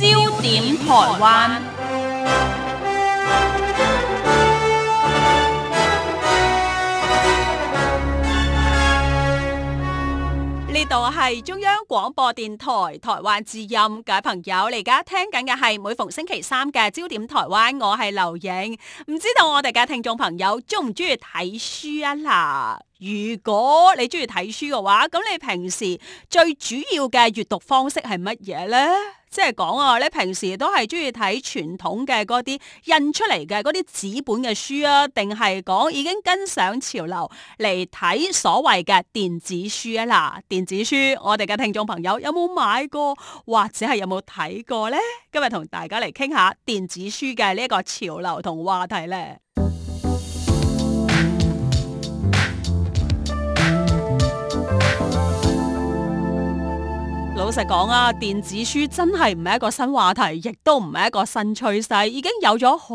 焦點台灣，呢度係中央廣播電台台灣之音，各位朋友，你而家聽緊嘅係每逢星期三嘅焦點台灣，我係劉影。唔知道我哋嘅聽眾朋友中唔中意睇書啊嗱？如果你中意睇書嘅話，咁你平時最主要嘅閱讀方式係乜嘢呢？即係講啊，你平時都係中意睇傳統嘅嗰啲印出嚟嘅嗰啲紙本嘅書啊，定係講已經跟上潮流嚟睇所謂嘅電子書啊啦？電子書，我哋嘅聽眾朋友有冇買過或者係有冇睇過呢？今日同大家嚟傾下電子書嘅呢一個潮流同話題呢。老實講啊，電子書真係唔係一個新話題，亦都唔係一個新趨勢，已經有咗好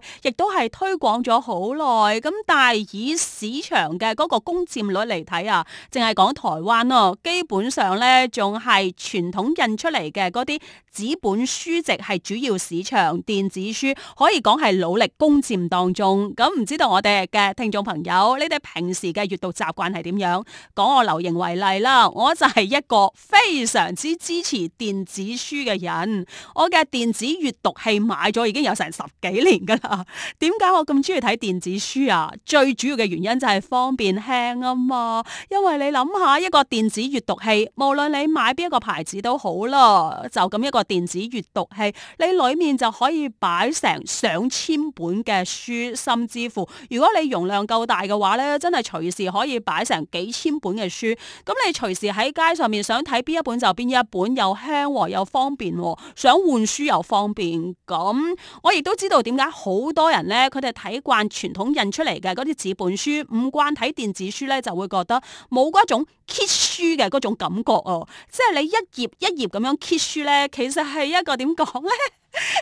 耐，亦都係推廣咗好耐。咁但係以市場嘅嗰個攻佔率嚟睇啊，淨係講台灣咯，基本上呢，仲係傳統印出嚟嘅嗰啲紙本書籍係主要市場，電子書可以講係努力攻佔當中。咁唔知道我哋嘅聽眾朋友，你哋平時嘅閱讀習慣係點樣？講我流形為例啦，我就係一個非常。之支持電子書嘅人，我嘅電子閱讀器買咗已經有成十幾年㗎喇。點解我咁鍾意睇電子書啊？最主要嘅原因就係方便輕啊嘛。因為你諗下一個電子閱讀器，無論你買邊一個牌子都好啦，就咁一個電子閱讀器，你裡面就可以擺成上千本嘅書，甚至乎如果你容量夠大嘅話呢，真係隨時可以擺成幾千本嘅書。咁你隨時喺街上面想睇邊一本就～邊一本又輕和，又方便，想換書又方便。咁我亦都知道點解好多人呢，佢哋睇慣傳統印出嚟嘅嗰啲紙本書，唔慣睇電子書呢，就會覺得冇嗰種揭書嘅嗰種感覺哦。即係你一頁一頁咁樣揭書呢，其實係一個點講呢？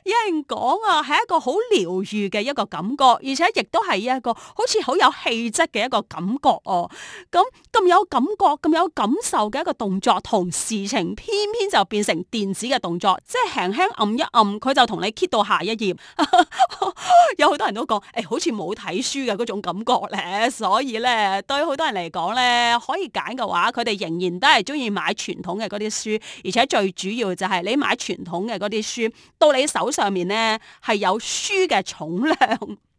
有人講啊，係一個好療愈嘅一個感覺，而且亦都係一個好似好有氣質嘅一個感覺哦、啊。咁、嗯、咁有感覺、咁有感受嘅一個動作同事情，偏偏就變成電子嘅動作，即係輕輕按一按，佢就同你 keep 到下一頁。 有好多人都講，誒、哎，好似冇睇書嘅嗰種感覺咧。所以咧，對於好多人嚟講咧，可以揀嘅話，佢哋仍然都係中意買傳統嘅嗰啲書，而且最主要就係你買傳統嘅嗰啲書，到你。喺手上面咧，係有書嘅重量，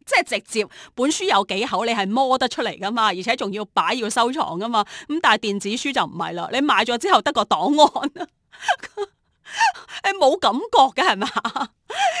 即係直接本書有幾厚，你係摸得出嚟噶嘛？而且仲要擺要收藏噶嘛？咁但係電子書就唔係啦，你買咗之後得個檔案啊。 誒，冇、欸、感覺嘅係嘛？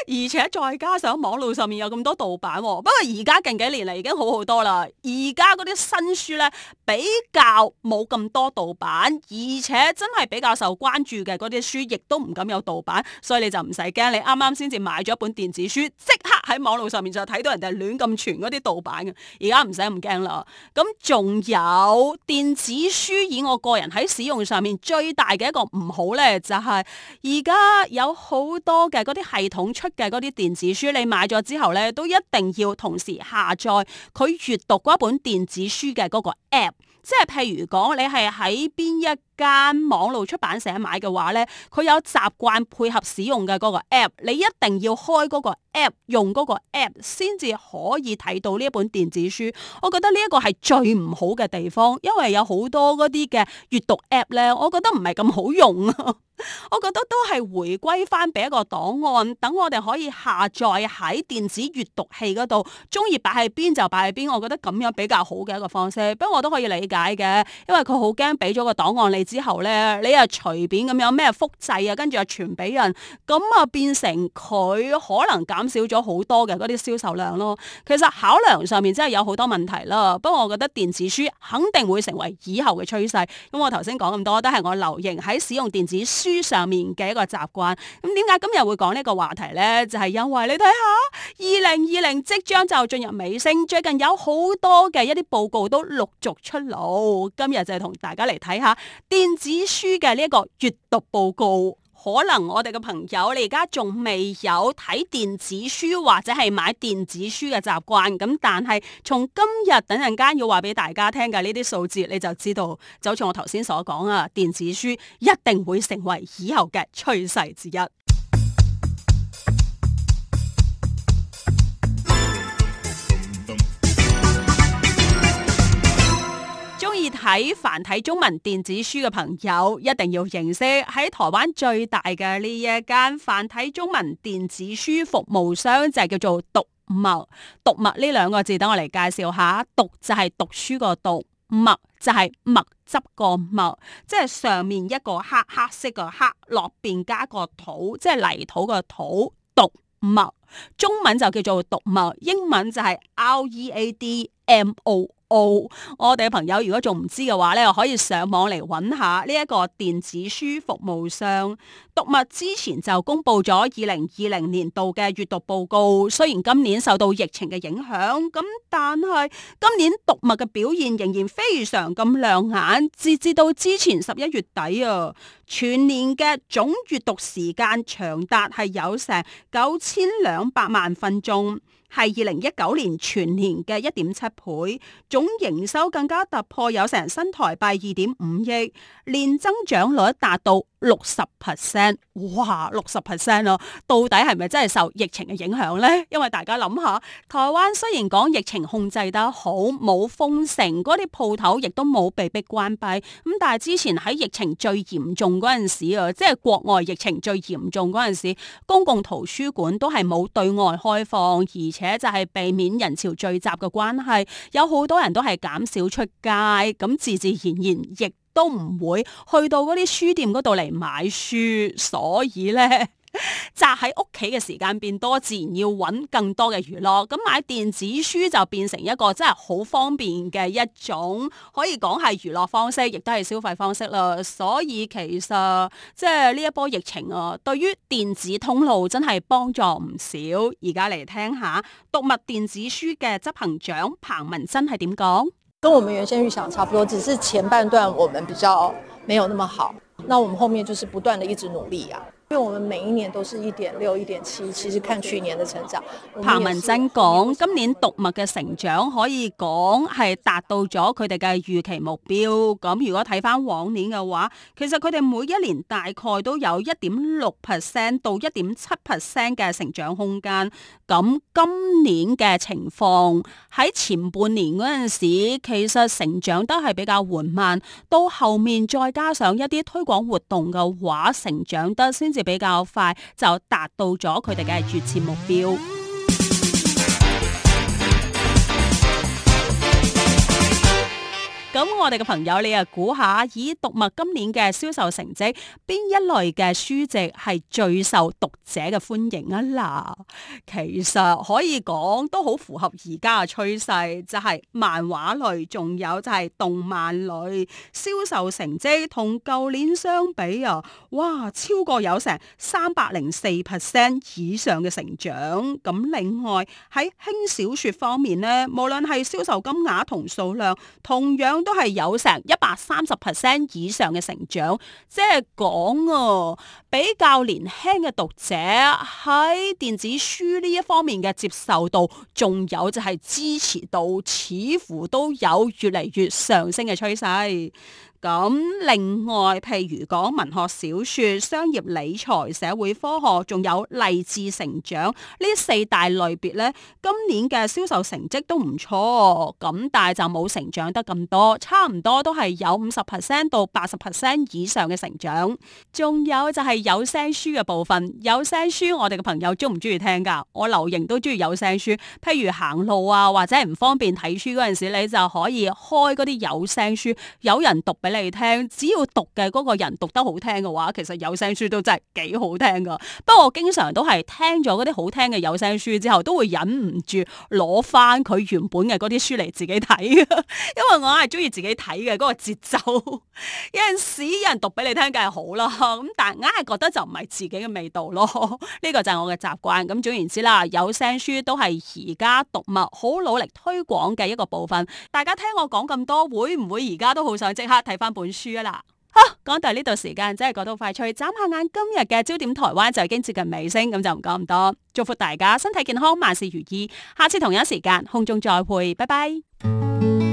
而且再加上網絡上面有咁多盜版、哦，不過而家近幾年嚟，已經好好多啦。而家嗰啲新書呢，比較冇咁多盜版，而且真係比較受關注嘅嗰啲書，亦都唔敢有盜版，所以你就唔使驚。你啱啱先至買咗一本電子書，即刻喺網絡上面就睇到人哋亂咁傳嗰啲盜版嘅，而家唔使咁驚啦。咁仲有電子書以我個人喺使用上面最大嘅一個唔好呢，就係、是。而家有好多嘅嗰啲系統出嘅嗰啲電子書，你買咗之後咧，都一定要同時下載佢閱讀嗰本電子書嘅嗰個 app，即係譬如講你係喺邊一間網絡出版社買嘅話呢，佢有習慣配合使用嘅嗰個 app，你一定要開嗰個 app，用嗰個 app 先至可以睇到呢一本電子書。我覺得呢一個係最唔好嘅地方，因為有好多嗰啲嘅閱讀 app 呢，我覺得唔係咁好用。我覺得， 我覺得都係回歸翻俾一個檔案，等我哋可以下載喺電子閱讀器嗰度，中意擺喺邊就擺喺邊。我覺得咁樣比較好嘅一個方式，不過我都可以理解嘅，因為佢好驚俾咗個檔案你。之後咧，你又隨便咁樣咩，複製啊，跟住又傳俾人，咁，啊變成佢可能減少咗好多嘅嗰啲銷售量咯。其實考量上面真係有好多問題啦。不過我覺得電子書肯定會成為以後嘅趨勢。咁我頭先講咁多都係我留意喺使用電子書上面嘅一個習慣。咁點解今日會講呢個話題呢？就係、是、因為你睇下，二零二零即將就進入尾聲，最近有好多嘅一啲報告都陸續出爐。今日就同大家嚟，睇下。電子書嘅呢個閱讀報告，可能我哋嘅朋友你而家仲未有睇電子書或者係買電子書嘅習慣，咁但係從今日等陣間要話俾大家聽嘅呢啲數字，你就知道，就好似我頭先所講啊，電子書一定會成為以後嘅趨勢之一。睇繁體中文電子書嘅朋友，一定要認識喺台灣最大嘅呢一間繁體中文電子書服務商，就係叫做讀墨。讀墨呢兩個字，等我嚟介紹下。讀就係讀書個讀，墨就係墨汁個墨，即係上面一個黑黑色個黑，落邊加個土，即係泥土個土。讀墨中文就叫做讀墨，英文就係 Read，R-E-A-D M O O，我哋嘅朋友如果仲唔知嘅話咧，可以上網嚟揾下呢一個電子書服務商讀墨，之前就公布咗二零二零年度嘅閱讀報告，雖然今年受到疫情嘅影響，咁但係今年讀墨嘅表現仍然非常咁亮眼。截至到之前十一月底啊，全年嘅總閱讀時間長達係有成九千兩百萬分鐘。係二零一九年全年嘅一點七倍，總營收更加突破有成新台幣二點五億，年增長率達到六十 percent，哇，六十 percent 咯，到底係咪真係受疫情嘅影響呢？因為大家諗下，台灣雖然講疫情控制得好，冇封城，嗰啲鋪頭亦都冇被迫關閉，咁但係之前喺疫情最嚴重嗰陣時啊，即係國外疫情最嚴重嗰陣時，公共圖書館都係冇對外開放，而且就係避免人潮聚集嘅關係，有好多人都係減少出街，咁自自然然亦都唔會去到嗰啲書店嗰度嚟買書，所以呢，宅喺屋企嘅時間變多，自然要揾更多嘅娛樂。咁買電子書就變成一個真係好方便嘅一種，可以講係娛樂方式，亦都係消費方式咯。所以其實即係呢一波疫情啊，對於電子通路真係幫助唔少。而家嚟聽下讀墨電子書嘅執行長彭文珍係點講？跟我們原先預想差不多，只是前半段我們比較沒有那麼好，那我們後面就是不斷的一直努力啊。因為我們每一年都是一點六、一點七，其實看去年的成長。彭文珍講，今年讀墨嘅成長可以講係達到咗佢哋嘅預期目標。咁如果睇翻往年嘅話，其實佢哋每一年大概都有一點六 percent 到一點七 percent 嘅成長空間。咁今年嘅情況喺前半年嗰陣時，其實成長得係比較緩慢，到後面再加上一啲推廣活動嘅話，成長得先。就比較快，就達到咗佢哋嘅預設目標。我哋嘅朋友，你啊估下讀墨今年嘅銷售成績，邊一類嘅書籍係最受讀者嘅歡迎啊？嗱，其實可以講都好符合而家嘅趨勢，就係漫畫類，仲有就係動漫類，銷售成績同舊年相比啊，哇，超過有成三百零四 percent 以上嘅成長。咁另外喺輕小說方面咧，無論係銷售金額同數量，同樣都係。有成一百三十 percent 以上嘅成長，即係講啊，比較年輕嘅讀者喺電子書呢一方面嘅接受度，仲有就係支持度，似乎都有越嚟越上升嘅趨勢。咁另外，譬如講文學小說、商業理財、社會科學仲有勵志成長呢四大類別咧，今年嘅銷售成績都唔錯哦，咁但係就冇成長得咁多，差唔多都係有五十 percent 到八十 percent 以上嘅成長，仲有就係有聲書嘅部分，有聲書我哋嘅朋友中唔中意聽噶？我留形都中意有聲書，譬如行路啊，或者唔方便睇書陣時你就可以開嗰啲有聲書有人讀俾嚟聽，只要讀嘅嗰個人讀得好聽嘅話，其實有聲書都真係幾好聽噶。不過我經常都係聽咗嗰啲好聽嘅有聲書之後，都會忍唔住攞翻佢原本嘅嗰啲書嚟自己睇， 因為我係中意自己睇嘅嗰個節奏。 有陣時有人讀俾你聽，梗係好啦，咁但係硬係覺得就唔係自己嘅味道咯。呢 個就係我嘅習慣。咁總言之啦，有聲書都係而家讀物好努力推廣嘅一個部分。大家聽我講咁多，會唔會而家都好想即刻睇翻？翻本書啊嗱，吓講到呢度，時間真係過到快脆，眨下眼今日嘅焦點台灣就已經接近尾聲，咁就唔講咁多，祝福大家身體健康，萬事如意，下次同樣時間空中再會，拜拜。